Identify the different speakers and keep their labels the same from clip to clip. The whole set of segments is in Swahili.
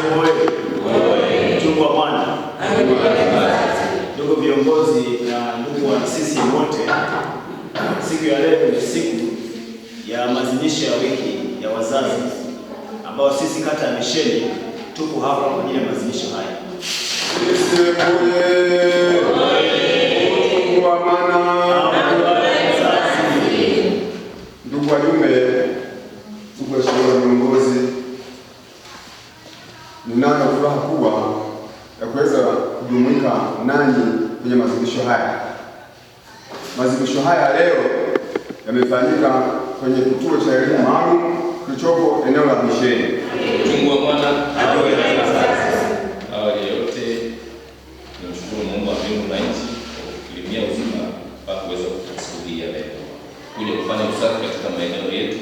Speaker 1: oye! Mchungu wa Bwana. Ndugu viongozi na ndugu wa sisi wote, siku ya leo ni siku ya maadhimisho ya wiki ya wazazi, ambao sisi kata ya Misheni tuko hapa kwa ajili ya maadhimisho haya.
Speaker 2: Ndugu wajumbe yamefanyika kwenye kituo cha elimu maalum kilichopo eneo la Misheni.
Speaker 3: Mungu wa Bwana awe
Speaker 1: awali yote, tunamshukuru Mungu wa mbingu na nchi kwa kutulimia uzima mpaka kuweza kufika siku leo kuja kufanya usafi katika maeneo yetu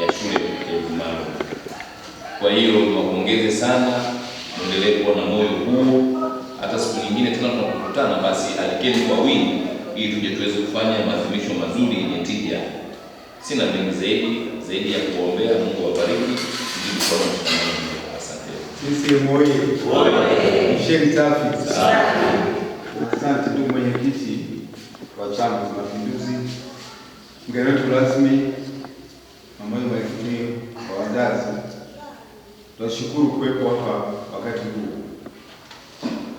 Speaker 1: ya shule ya maalum. Kwa hiyo niwapongeze sana, muendelee kuwa na moyo huo, hata siku nyingine tena tunapokutana, basi alikeni kwa wingi ili tuje tuweze kufanya maadhimisho mazuri Sina mengi zaidi zaidi ya kuombea Mungu awabariki, mjibu kwa Asante.
Speaker 2: Sisi moyo. Sheni safi. Asante ndugu mwenyekiti wa Chama cha Mapinduzi, mgeni wetu rasmi pamoja mwenyekiti wa wazazi, tunashukuru kuwepo hapa wakati huu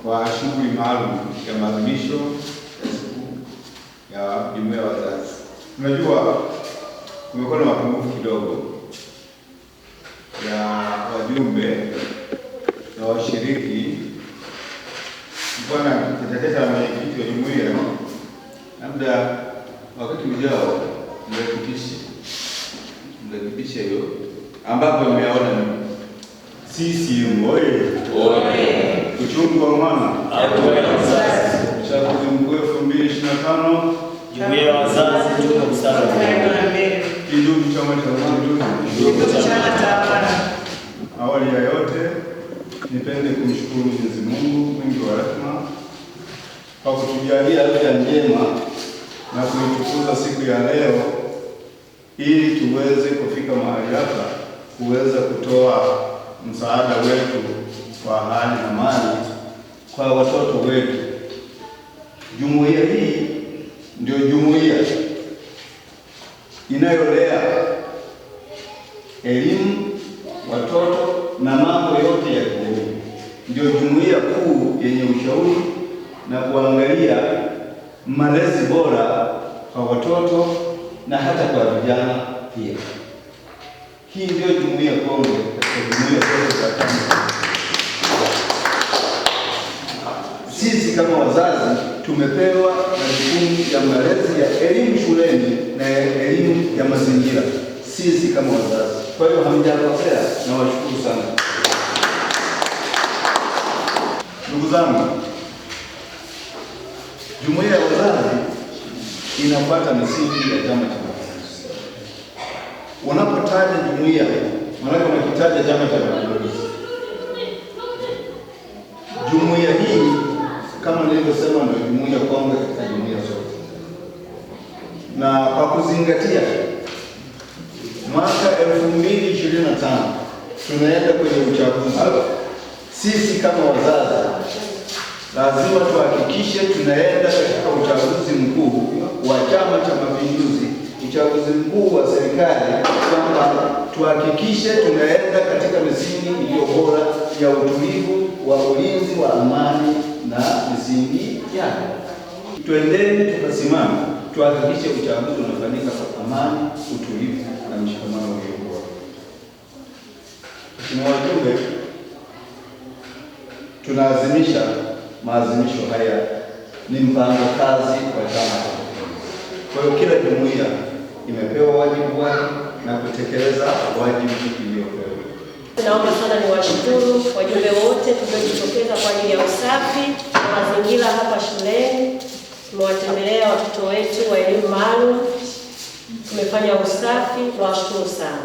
Speaker 2: kwa shughuli maalum ya maadhimisho ya siku ya jumuiya ya wazazi. Unajua kumekuwa na mapungufu kidogo ya wajumbe na washiriki. Kulikuwa na tetateta na mwenyekiti wa jumuiya, labda wakati ujao mrekebishe, mrekebishe hiyo, ambapo nimeona CCM oye, uchumi wa mwana chaguzi mkuu elfu mbili ishirini na tano
Speaker 1: jumuiya ya wazazi tuko mstari
Speaker 2: Chama cha Mapinduzi. Awali ya yote, nipende kumshukuru Mwenyezi Mungu mwingi wa rehema kwa kutujalia afya njema na kuitukuza siku ya leo ili tuweze kufika mahali hapa kuweza kutoa msaada wetu kwa hali na mali kwa watoto wetu. Jumuiya hii ndio jumuiya inayolea elimu, watoto na mambo yote ya kijamii. Ndio jumuiya kuu yenye ushauri na kuangalia malezi bora kwa watoto na hata kwa vijana pia. Hii ndio jumuiya kongwe katika jumuiya zote za Tanzania. Sisi kama wazazi tumepewa majukumu ya malezi ya elimu shuleni na elimu ya mazingira. Sisi kama wazazi kwa hiyo hamjakosea, nawashukuru sana ndugu zangu. Jumuiya ya wazazi inafuata misingi ya Chama cha Mapinduzi. Unapotaja jumuiya, maanake unakitaja Chama cha Mapinduzi. Jumuiya hii kama nilivyosema, ndio jumuiya kongwe katika jumuiya zote, na kwa kuzingatia elfu mbili ishirini na tano tunaenda kwenye uchaguzi. Sisi kama wazazi lazima tuhakikishe tunaenda katika uchaguzi mkuu wa Chama cha Mapinduzi, uchaguzi mkuu wa serikali, kwamba tuhakikishe tunaenda katika misingi iliyo bora ya utulivu wa ulinzi wa amani na misingi yake. Twendeni tukasimama tuhakikishe uchaguzi unafanyika kwa amani, utulivu na mshikamano uliokuwa. Mheshimiwa wajumbe, tunaazimisha maazimisho haya ni mpango kazi wa Chama Kwa hiyo kila jumuiya imepewa wajibu wake na kutekeleza wajibu uliopewa.
Speaker 4: Tunaomba sana ni washukuru wajumbe wote tuliojitokeza kwa ajili ya usafi na mazingira hapa shuleni wetu wa elimu maalum tumefanya usafi, tunawashukuru sana.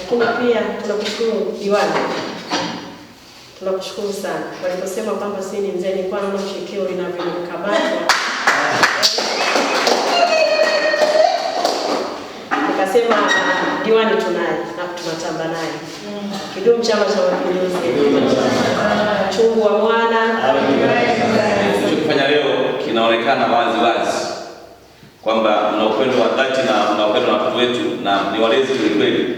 Speaker 4: Lakini pia tunakushukuru diwani, tunakushukuru sana. Waliposema kwamba si ni mzee, nilikuwa naona ushekeo linavyonikamata nikasema diwani tunaye na tunatamba naye. Mm. Kidumu Chama cha Mapinduzi!
Speaker 1: inaonekana wazi wazi kwamba mna upendo wa dhati na mna upendo na watoto wetu na ni walezi kweli.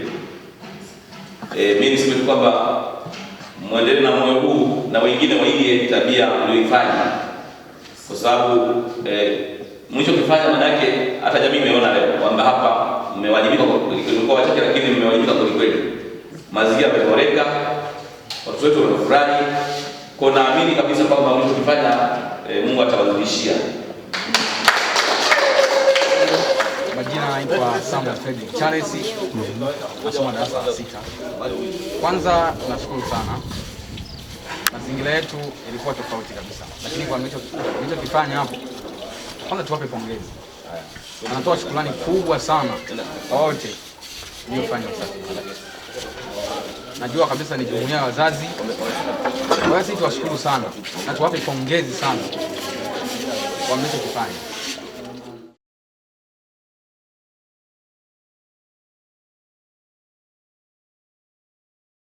Speaker 1: E, mimi niseme tu kwamba mwendelee na moyo huu na wengine waige tabia mlioifanya, kwa sababu e, mwisho kifanya maana yake hata jamii imeona leo kwamba hapa mmewajibika kwa wachache, lakini mmewajibika kweli, Mazingira yameboreka, watoto wetu wanafurahi, kwa naamini kabisa kwamba mlichokifanya e, Mungu atawazidishia.
Speaker 5: naitwa kwa Samuel Fredrick Charles nasoma darasa la sita. Kwanza nashukuru sana, mazingira yetu ilikuwa tofauti kabisa, lakini kwa nilichokifanya hapo, kwanza tuwape pongezi, anatoa shukrani kubwa sana kwa wote waliofanya usafi. Najua kabisa ni jumuiya ya wazazi, kwa hiyo sisi tuwashukuru sana na tuwape pongezi sana kwa mlichokifanya.